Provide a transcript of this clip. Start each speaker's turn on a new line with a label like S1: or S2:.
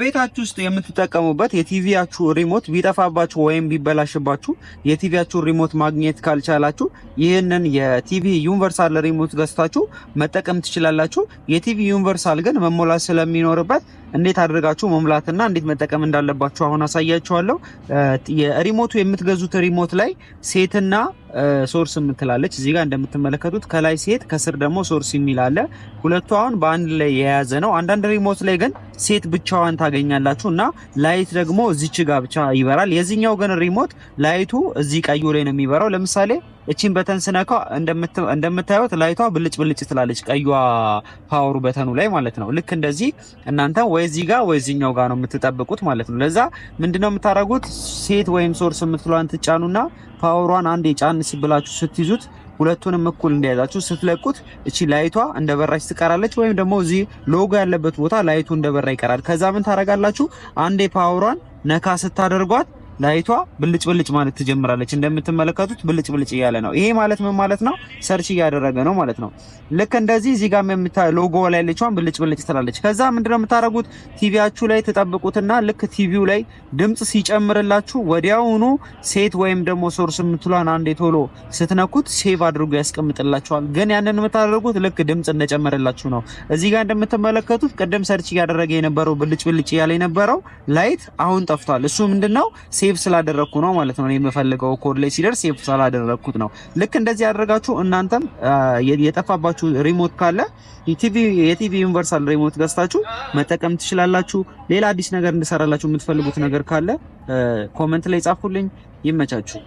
S1: ቤታችሁ ውስጥ የምትጠቀሙበት የቲቪያችሁ ሪሞት ቢጠፋባችሁ ወይም ቢበላሽባችሁ የቲቪያችሁ ሪሞት ማግኘት ካልቻላችሁ ይህንን የቲቪ ዩኒቨርሳል ሪሞት ገዝታችሁ መጠቀም ትችላላችሁ። የቲቪ ዩኒቨርሳል ግን መሞላት ስለሚኖርበት እንዴት አድርጋችሁ መሙላትና እንዴት መጠቀም እንዳለባችሁ አሁን አሳያችኋለሁ። ሪሞቱ የምትገዙት ሪሞት ላይ ሴትና ሶርስ የምትላለች እዚህ ጋር እንደምትመለከቱት ከላይ ሴት ከስር ደግሞ ሶርስ የሚል አለ። ሁለቱ አሁን በአንድ ላይ የያዘ ነው። አንዳንድ ሪሞት ላይ ግን ሴት ብቻዋን ታገኛላችሁ እና ላይት ደግሞ እዚች ጋር ብቻ ይበራል። የዚህኛው ግን ሪሞት ላይቱ እዚህ ቀዩ ላይ ነው የሚበራው። ለምሳሌ እቺን በተን ስነካ እንደምታዩት ላይቷ ብልጭ ብልጭ ትላለች፣ ቀዩ ፓወሩ በተኑ ላይ ማለት ነው። ልክ እንደዚህ እናንተ ወይ እዚህ ጋር ወይ እዚህኛው ጋር ነው የምትጠብቁት ማለት ነው። ለዛ ምንድነው የምታደርጉት? ሴት ወይም ሶርስ የምትሏን ትጫኑና ፓወሯን አንዴ ጫን ብላችሁ ስትይዙት ሁለቱንም እኩል እንደያዛችሁ ስትለቁት እቺ ላይቷ እንደበራች ትቀራለች። ወይም ደግሞ እዚህ ሎጎ ያለበት ቦታ ላይቱ እንደበራ ይቀራል። ከዛ ምን ታደርጋላችሁ? አንዴ ፓወሯን ነካ ስታደርጓት ላይቷ ብልጭ ብልጭ ማለት ትጀምራለች። እንደምትመለከቱት ብልጭ ብልጭ እያለ ነው። ይሄ ማለት ምን ማለት ነው? ሰርች እያደረገ ነው ማለት ነው። ልክ እንደዚህ እዚህ ጋር የምታ ሎጎ ላይ ያለችዋን ብልጭ ብልጭ ትላለች። ከዛ ምንድነው የምታደርጉት? ቲቪያችሁ ላይ ትጠብቁትና ልክ ቲቪው ላይ ድምጽ ሲጨምርላችሁ ወዲያውኑ ሴት ወይም ደግሞ ሶርስ የምትሏን አንዴ ቶሎ ስትነኩት ሴቭ አድርጎ ያስቀምጥላችኋል። ግን ያንን የምታደርጉት ልክ ድምጽ እንደጨመረላችሁ ነው። እዚህ ጋር እንደምትመለከቱት ቅድም ሰርች እያደረገ የነበረው ብልጭ ብልጭ እያለ የነበረው ላይት አሁን ጠፍቷል። እሱ ምንድነው ሴቭ ስላደረግኩ ነው ማለት ነው። እኔ የምፈልገው ኮድ ላይ ሲደርስ ሴቭ ስላደረግኩት ነው። ልክ እንደዚህ ያደረጋችሁ እናንተም የጠፋባችሁ ሪሞት ካለ የቲቪ ዩኒቨርሳል ሪሞት ገዝታችሁ መጠቀም ትችላላችሁ። ሌላ አዲስ ነገር እንድሰራላችሁ የምትፈልጉት ነገር ካለ ኮመንት ላይ ጻፉልኝ። ይመቻችሁ።